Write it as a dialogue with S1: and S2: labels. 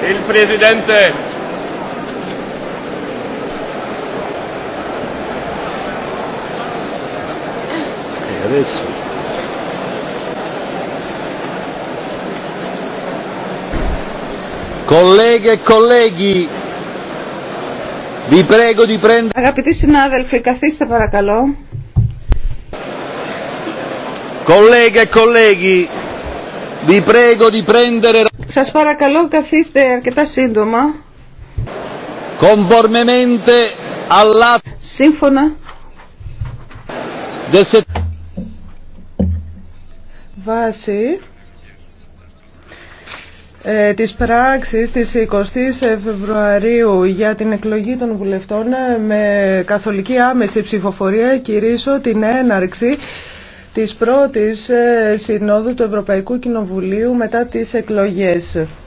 S1: Il Presidente. E adesso.
S2: Colleghe e colleghi, vi prego di prendere...
S3: Αγαπητοί συνάδελφοι, καθίστε παρακαλώ.
S2: Colleghe e colleghi, vi prego di prendere...
S4: Σας παρακαλώ καθίστε αρκετά σύντομα. Σύμφωνα. Βάση
S5: ε, της πράξης της 20 ης Φεβρουαρίου για την εκλογή των βουλευτών ε, με καθολική άμεση ψηφοφορία κηρύσω την έναρξη της πρώτης ε, Συνόδου του Ευρωπαϊκού Κοινοβουλίου μετά τις εκλογές.